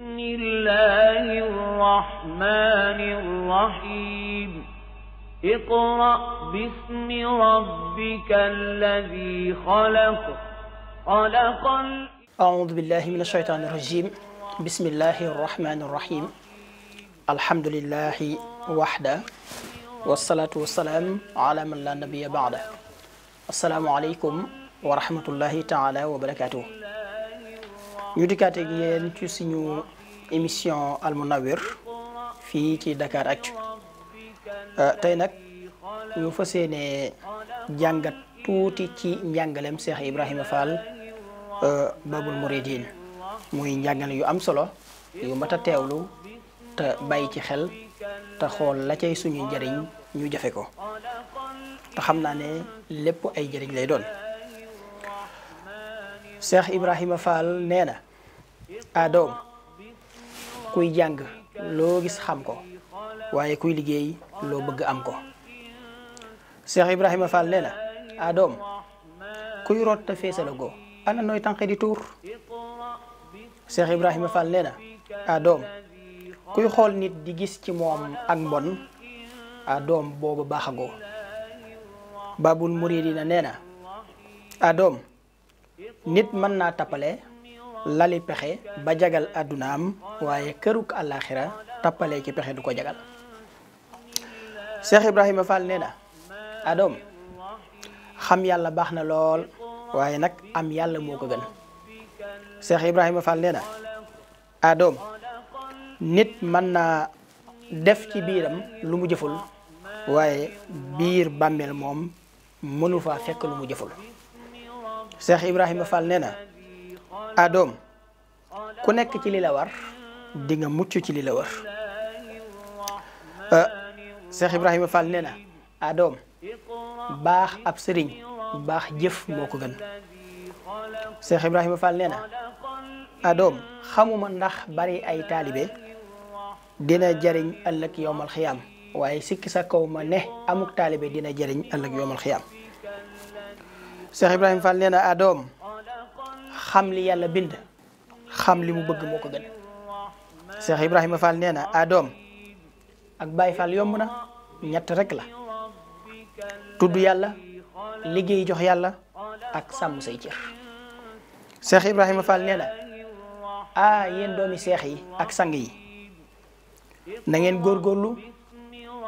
بسم الله الرحمن الرحيم اقرأ باسم ربك الذي خلق خلق أعوذ بالله من الشيطان الرجيم بسم الله الرحمن الرحيم الحمد لله وحده والصلاة والسلام على من لا نبي بعده السلام عليكم ورحمة الله تعالى وبركاته ñu dikkaat ak yéen ci suñu émission almunawir fii ci Dakar Actu euh, tey nag ñu fa yéene jàngat tuuti ci njàngalem Cheikh Ibrahima Fall euh, Babul Mouridine muy njàngale yu am solo yu mat a teewlu te bàyyi ci xel te xool la cay suñuy njëriñ ñu jafe ko te xam naa ne lépp ay njëriñ lay doon. Cheikh Ibrahima Fall nee na a kuy jàng loo gis xam ko waaye kuy liggéey loo bëgg am ko Cheikh Ibrahima Fall nee na a doom kuy root te feesala ana nooy tànqe di tuur Cheikh Ibrahima Fall nee na a doom kuy xool nit di gis ci moom ak mbon a doom boobu baaxagoo babul muridina nee na a doom nit mën naa tappale lali pexe ba jagal àddunaam waaye këru àllaaxira tappale ci pexe du ko jagal Cheikh Ibrahima Fall nee na adoom xam yàlla baax na lool waaye nag am yàlla moo ko gën Cheikh Ibrahima Fall nee na adoom nit mën naa def ci biiram lu mu jëful waaye biir bàmmeel moom mënu fa fekk lu mu jëful Cheikh Ibrahima Fall nee na adoom ku nekk ci li la war di nga mucc ci li la war Cheikh Ibrahima Fall nee na adoom baax ab sëriñ baax jëf moo ko gën Cheikh Ibrahima Fall nee na adoom xamuma ndax bari ay taalibe dina jariñ ëllëg yowmal xiyaam waaye sikki sa kaw ma ne amuk taalibe dina jariñ ëllëg yowmal xiyaam Cheikh Ibrahim Fall nee adom ah, xam li yalla bind xam li mu bëgg moko gën Cheikh ibrahim Fall na ah, ak Baye Fall yomb na ñett rek la tuddu yalla liggey jox yalla ak sam say ciir Cheikh ibrahim Fall nee a ah doomi cheikh yi ak sang yi na ngeen gorlu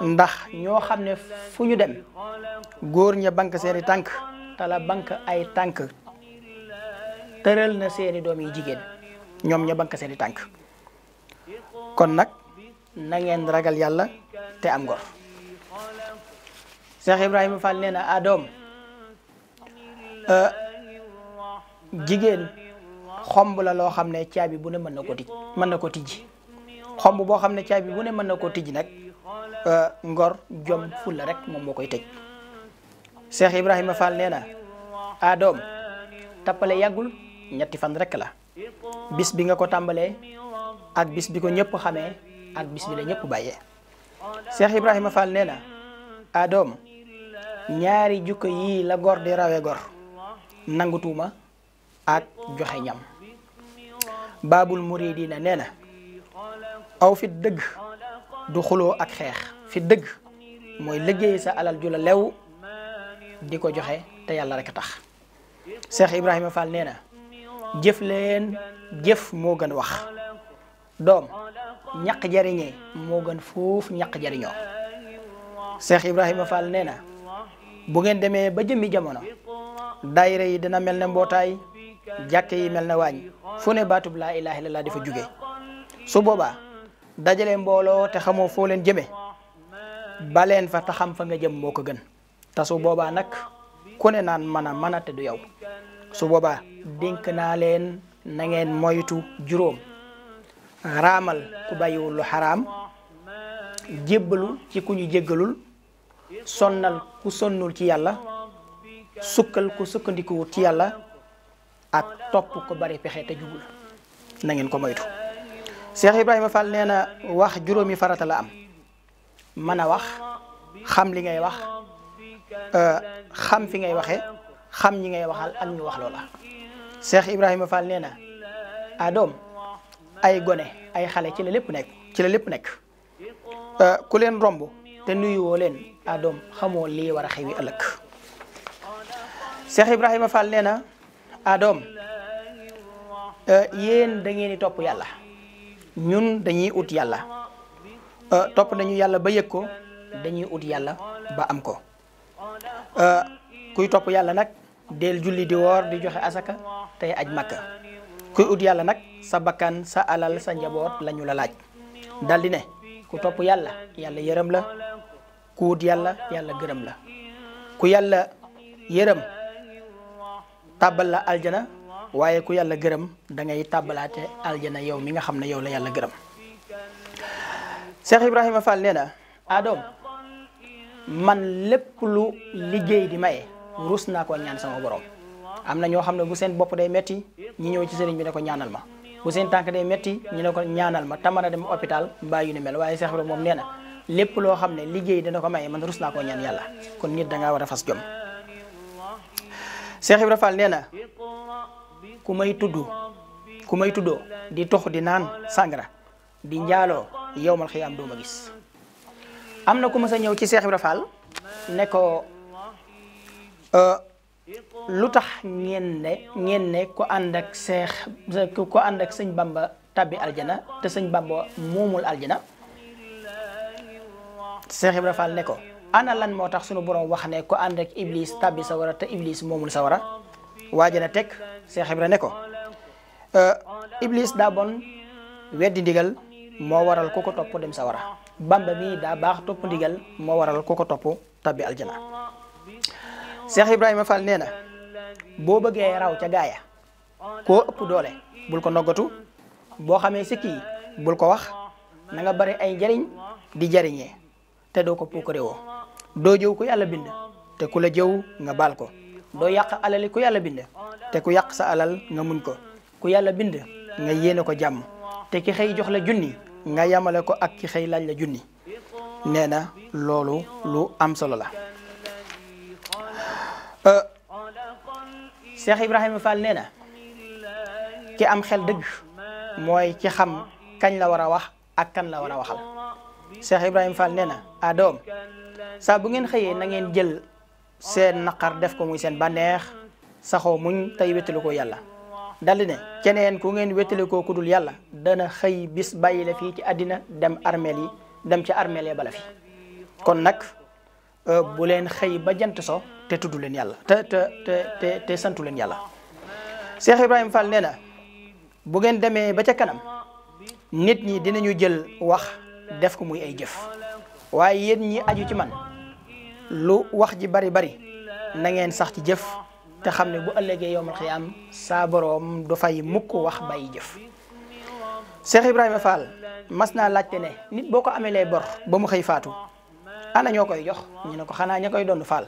ndax ño xamne ne dem gor ña bank seeni tank te la banque ay tànk tëral na seeni doom yi jigéen ñoom ña banque seeni tànk kon nag na ngeen ragal yàlla te am ngor Cheikh Ibrahima Fall nee na doom euh, jigéen xomb la loo xam ne caabi bu ne mën na ko tij mën na ko tijji xomb boo xam ne caabi bu ne mën na ko tijji nag euh, ngor jom fulla rek moom moo koy tëj cheikh Ibrahim fall nena, Adom ah, a yagul ñetti fan rek la bis bi nga ko tambalé ak bis bi ko ñepp xamé ak bis bi la ñepp bayé cheikh Ibrahim fall nee Adom ah, a ñaari jukko yi la gor di rawé gor nangutuma ak joxé ñam babul muridina nena aw fi deug du xulo ak xex fi deug moy liggéey sa alal ju lew di ko joxe te yàlla rek a tax Cheikh Ibrahima Fall nee na jëf leen jëf moo gën wax doom ñaq jariñee moo gën foofu ñaq jariñoo Cheikh Ibrahima Fall nee na bu ngeen demee ba jëmmi jamono daayira yi dina mel ne mbootaay jàkk yi mel ne waañ fu ne baatub laa ilaaha illallaah dafa jóge su boobaa dajale mbooloo te xamoo foo leen jëme baleen fa taxam fa nga jëm moo ko gën ta su boba nak mana nan mana mana te du yaw su haram denk na len na ngeen moytu jurom ramal ku bàyyiwul lu xaraam ci kuñu jegalul sonnal ku sonnul ci yalla sukkal ku sukkandikuwut ci yalla ak top ko bari pexé te jubul na ngeen ko moytu cheikh ibrahima fall neena wax juromi farata la am mana wax xam li ngay wax xam fi ngay waxee xam ñi ngay waxal ak ñu wax loola. Ibrahima Fall nee na ah ay gone ay xale ci la lépp nekk ci lépp nekk euh, ku leen romb te nuyuwoo leen adoom doom li lii war a xewi ëllëg Cheikh Ibrahima Fall nee na ah doom euh, da ngeen di topp yàlla ñun dañuy ut yàlla euh, topp nañu yàlla ba yëg ko dañuy ut yàlla ba am ko. Euh, kuy topp yàlla nag del julli di woor di joxe asaka tey aj makka kuy ut yàlla nag sa bakkan sa alal sa njaboot lañu la laaj dal di ne ku topp yàlla yàlla yërëm la ku ut yàlla yàlla gërëm la ku yàlla yërëm tàbbal la aljana waaye ku yàlla gërëm dangay ngay tàbbalaate aljana yow mi nga xam ne yow la yàlla gërëm Cheikh Ibrahima Fall nee na Adam man lépp lu liggéey di maye rus naa ko ñaan sama borom am na ñoo xam ne bu seen bopp day metti ñi ñëw ci sëriñ bi ne ko ñaanal ma bu seen tànk day metti ñu ne ko ñaanal ma te mën a dem hôpital mbaa yu ni mel waaye Cheikh Ibra moom nee na lépp loo xam ne liggéey dina ko maye man rus naa koo ñaan yàlla kon nit da war a fas jom Cheikh Ibra Fall nee na ku may tudd ku may tuddoo di tox di naan sàngara di njaaloo yowmal xiyaam doo ma gis am ko ku mësa ñëw ci Cheikh ibrahim Fall ne ko euh lutax ngeen ne ngeen ne ku and ak Cheikh ku and ak seigne Bamba tabbi aljana te seigne Bamba momul aljana Cheikh ibrahim Fall ne ko ana lan motax suñu borom wax ne ku and ak Iblis tabbi sawara te Iblis momul sawara wajana tek Cheikh ibrahim ne ko euh, Iblis da bon weddi digal mo waral ko ko top dem sawara bamba mi da bax top ndigal mo waral koko top tabi tabbi aljana cheikh ibrahima fall neena na boo raw ca gaaya ko upp doole bul ko nogatu bo xamee sikki yi bul ko wax na nga bari ay jariñ di jariñee te do ko puukare woo do jëw ko yalla bind te kula jëw nga bal ko do yàq alali ku yalla bind te ku yak sa alal nga muñ ko ku yalla bind nga yéene ko jam te ki xey jox la junni nga yamale ko ak ki xey laaj la jooni neena lolu lu am solo la euh, Cheikh ibrahim Fall neena ki am xel deug moy ki xam kagn la wara wax ak kan la wara waxal Cheikh ibrahim Fall neena na a ah, doom saa bu ngeen xeye na ngeen jël sen nakar def ko muy sen banex saxo muñ tay wéttalu ko daldi ne keneen ku ngeen wettile koo ku dul yàlla dana xëy bis bàyyi la fii ci addina dem armeel yi dem ci armeel yi bala fi kon nag euh, bu leen xëy ba jant so te tuddu leen yàlla te te te santu leen yàlla Cheikh Ibrahima Fall nee na bu ngeen demee ba ca kanam nit ñi dinañu jël wax def ko muy ay jëf waaye yéen ñi aju ci man lu wax ji bari bari na sax ci jëf te xam ne bu ëllëgee yowmal xiyaam saa boroom du mukk wax bay jëf Cheikh Ibrahima Fall mas naa laajte ne nit boo ko amelee bor ba mu xëy faatu ana ñoo koy jox ñu ne ko xanaa ña koy doon Fall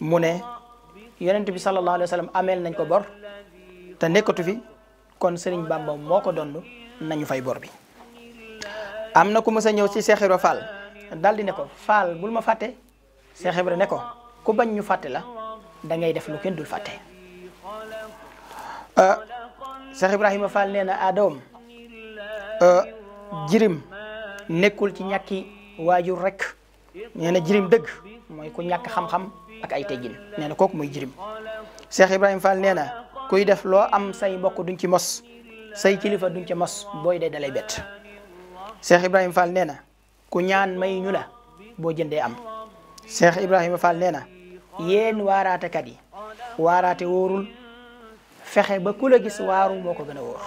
mu ne yonent bi sallallahu alayhi wa ameel nañ ko bor te nekkatu fi kon Serigne Bamba moo ko doon nañu fay bor bi. am na ku mës a ñëw ci Cheikh Ibrahima Fall di ne ko Fall bul ma fàtte Cheikh Ibrahima ne ko ku bañ ñu fàtte la. da ngay def lu kenn dul fàtte euh, Cheikh Ibrahima Fall nee na adoom euh, jirim nekkul ci ñàkki waajur rek nee na jirim dëgg mooy ku ñàkk xam-xam ak ay teggin nee na kooku mooy jirim Cheikh Ibrahima Fall nee na kuy def loo am say mbokk duñ ci mos say kilifa duñ ci mos booy dee dalay bett Cheikh Ibrahima Fall nee na ku ñaan may ñu la boo jëndee am Cheikh Ibrahima Fall nee na yéen waaraatekat yi waaraate woorul fexe ba ku la gis waaru moo ko gën a wóor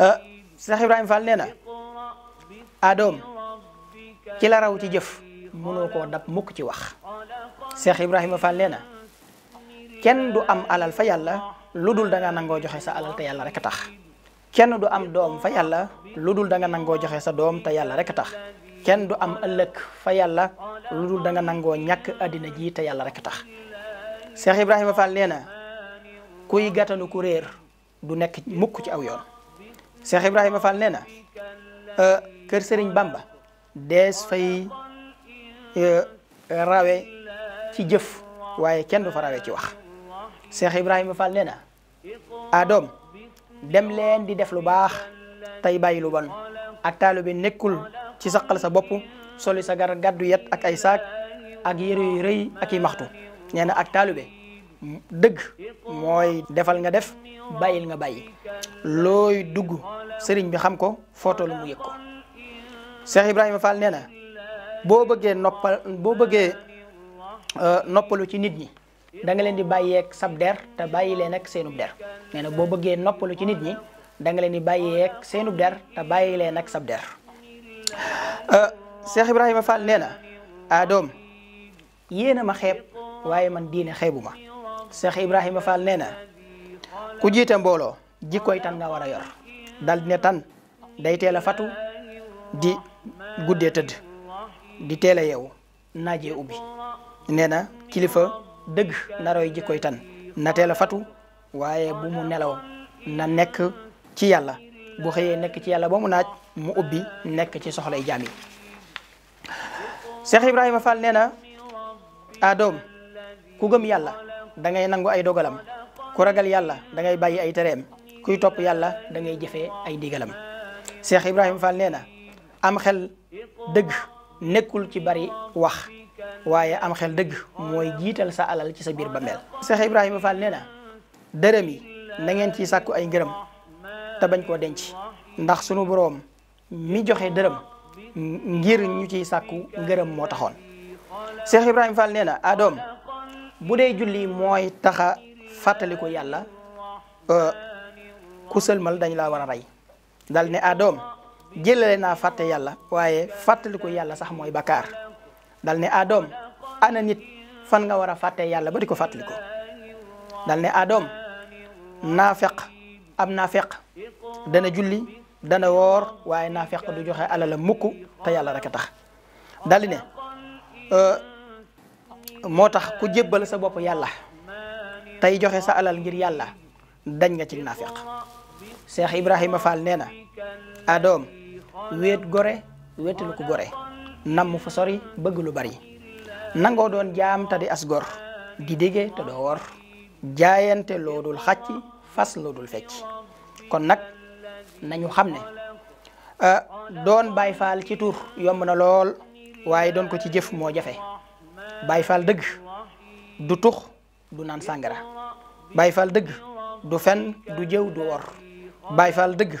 euh, Cheikh Ibrahima Fall nee na adoom ci la raw ci jëf mënoo koo dab mukk ci wax Cheikh Ibrahima fa nee na kenn du am alal fa yàlla lu dul danga nga nangoo joxe sa alal te yàlla rek a tax kenn du am doom fa yàlla lu dul danga nga nangoo joxe sa doom te yàlla rek a tax kenn du am ëllëg fa yàlla lu dul da nangoo ñàkk àddina jiit te yàlla rek tax Cheikh Ibrahima Fall nee na kuy gàttanu ku réer du nekk mukk ci aw yoon Cheikh Ibrahima Fall nee na euh, kër Serigne Bamba dees fay euh, rawe ci jëf waaye kenn du fa rawe ci wax Cheikh Ibrahima Fall nee na a dem leen di def lu baax tey bàyyi lu bon ak taalu bi nekkul ci saqal sa bop soli sa gar gaddu yet ak ay saak ak yere yu ak yi maxtu neena ak talube deug moy defal nga def bayil nga bayyi loy dugg serigne bi xam ko lu mu yek ko Cheikh ibrahim Fall neena bo boo noppal bo boo euh noppalu ci nit ñi da nga len di ak sab der ta bayi len ak senu der neena bo boo noppalu ci nit ñi da nga len di ak senu der ta bayi len ak sab der Euh, Cheikh Ibrahima Fall nee na ah doom a ma xeeb waaye man diine xeebu ma Cheikh Ibrahima Fall nee na ku jiite mbooloo jikkoy tan nga war a yor dal ne tan day teel a fatu di guddee tëdd di teela a yeewu naajee ubbi nee na kilifa dëgg narooy jikkoy tan na teel a fatu waaye bu mu nelaw na nekk ci yàlla bu xeye nek ci yalla ba mu naaj mu ubbi nek ci soxlay jami Cheikh ibrahim Fall neena adom ah, ku gem yalla da ngay nangu ay dogalam ku ragal yalla da ngay bayyi ay terem kuy top yalla da ngay jefe ay digalam Cheikh ibrahim Fall neena am xel deug nekul ci bari wax waye am xel deug moy jital sa alal ci sa bir ba mel Cheikh ibrahim Fall neena deremi na ngeen ci sakku ay te bañ koo denc ndax sunu boroom mi joxe dërëm ngir ñu ciy sàkku ngërëm moo taxoon Cheikh Ibrahima Fall nee na adoom bu dee julli mooy taxa fàttali ko yàlla euh, ku sëlmal dañ laa war a rey dal ne adoom jëlale naa fàtte yàlla waaye fàttali ko yàlla sax mooy bakaar dal ne adoom ana nit fan nga war a fàtte yàlla ba di ko fàttali dal ne adoom naafeq am nafiq dana julli dana wor waye nafiq du joxe alal muku, ta yalla rek tax dal di ne euh, moo ku jebal sa bop yalla tay joxe sa alal ngir yalla dañ nga ci nafiq Cheikh Ibrahima Fall neena adom wet gore wetul ku gore nam fu sori beug lu bari nango don jam te di as di dege te do wor jaayante lodul xati fas la dul fecc kon nag nañu xam ne euh, doon Baay Faal ci tur yomb na lool waaye doon ko ci jëf moo jafe Baay Faal dëgg du tux du naan sàngara Baay dëgg du fen du jëw du wor Baay dëgg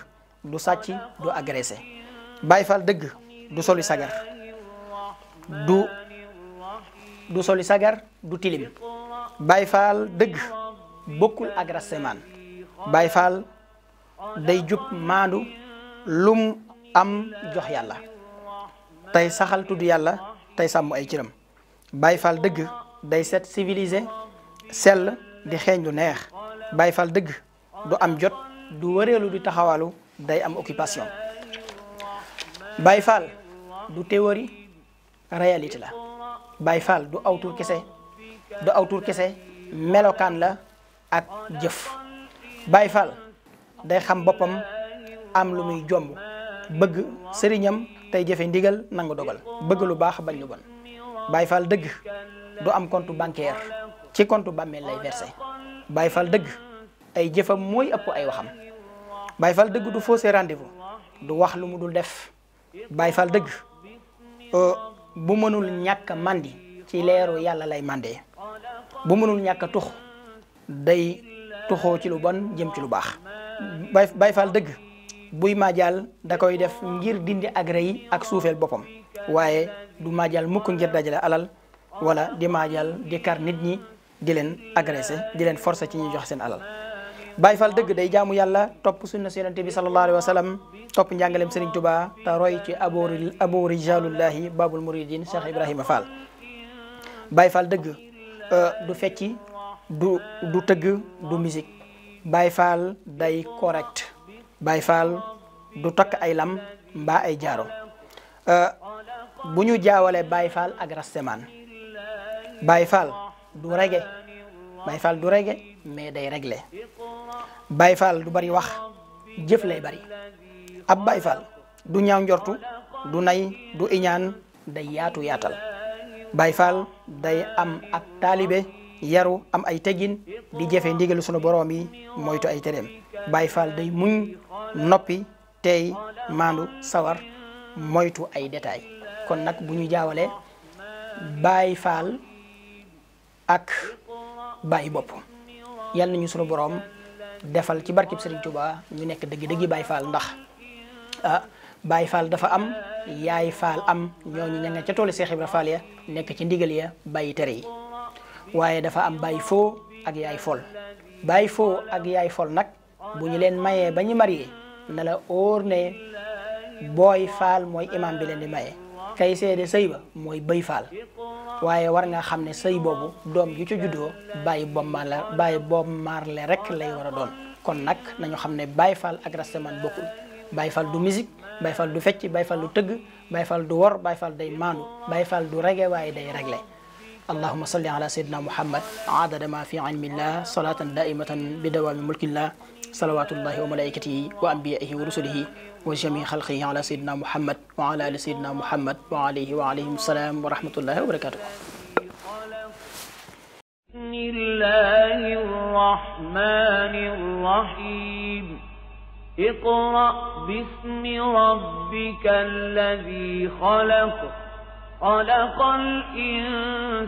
du sàcc du agressé Baay dëgg du soli sagar du soli sagar du tilim Baay dëgg bokkul ak bayfal day jub mandu lum am jox yalla tay saxal tuddu yalla tay sam ay cëram bayfal deug day set civilisé sel di xéñu neex bayfal deug du am jot du taxawalu day am occupation bayfal de du théorie réalité la bayfal du de kessé du aw kessé kese la ak Bayfal, fal day xam bopam am lu muy jom bëgg sëriñam tay jëfe ndigal nang dogal bëgg lu baax bañ lu bon du am compte bancaire ci compte bàmmeel lay versé Baye Fall dëgg ay jëfam moy ëpp ay waxam Baye Fall dëgg du fausser rendez-vous du wax lu mudul def Bayfal deug euh bu mënul ñak mandi ci leeru yalla lay mandé bu mënul ñak tux day tuxoo ci lu bon jëm ci lu baax bay bay faal dëgg buy maajaal da koy def ngir dindi agré yi ak suufeel boppam waaye du maajaal mukk ngir dajale alal wala di maajaal di kar nit ñi di leen agressé di leen forcé ci ñuy jox seen alal bay faal dëgg day jaamu yàlla topp sunna si yonente bi sallallahu alayhi wa sallam topp njàngaleem Serigne Touba te roy ci abo abo rijalullahi babul muridin Cheikh Ibrahima Fall bay faal dëgg euh, du fecci du du tëgg du musique Baay Faal day correct Baay Faal du takk ay lam mbaa ay jaaro euh, bu ñu jawalee Baay Faal ak rastemaan Baay Faal du rege Baay du rege mais day réglé Baay Faal du bari wax jëf lay bari ab Baay Faal du ñaaw njortu du nay du iñaan day yaatu yaatal Baay Faal day am ak taalibe yaru am ay teggin di jëfe ndigalu sunu boroom yi moytu ay tereem Baay Faal day muñ noppi tey maandu sawar moytu ay détail kon nag bu ñu jaawale Baay Faal ak bàyyi bopp yal nañu sunu boroom defal ci barkib Serigne Touba ñu nekk dëgg-dëggi Baay Faal ndax ah Baay Faal dafa am yaay faal am ñooñu ña nga ca toolu Seex Ibra Faal ya nekk ci ndigal ya bàyyi tere yi waaye dafa am bàyyi foo ak yaay fol bàyyi foo ak yaay fol nag bu ñu leen mayee ba ñu marié na la óor ne booy fal mooy imam bi leen di maye kay seede sëy ba mooy bëy fal waaye war ngaa xam ne sëy boobu doom ju ca juddoo bàyyi bommaar la bàyyi bommaar la rek lay war a doon kon nag nañu xam ne bàyyi fal ak rastaman bokkul baay fal du musique baay fal du fecc baay fal du tëgg baay fal du wor baay faal day maandu baay fal du rege waaye day regle اللهم صل على سيدنا محمد عدد ما في علم الله صلاة دائمة بدوام ملك الله صلوات الله وملائكته وأنبيائه ورسله وجميع خلقه على سيدنا محمد وعلى آل سيدنا محمد وعليه وعليهم السلام ورحمة الله وبركاته بسم الله الرحمن الرحيم اقرأ باسم ربك الذي خلق خلق الإنسان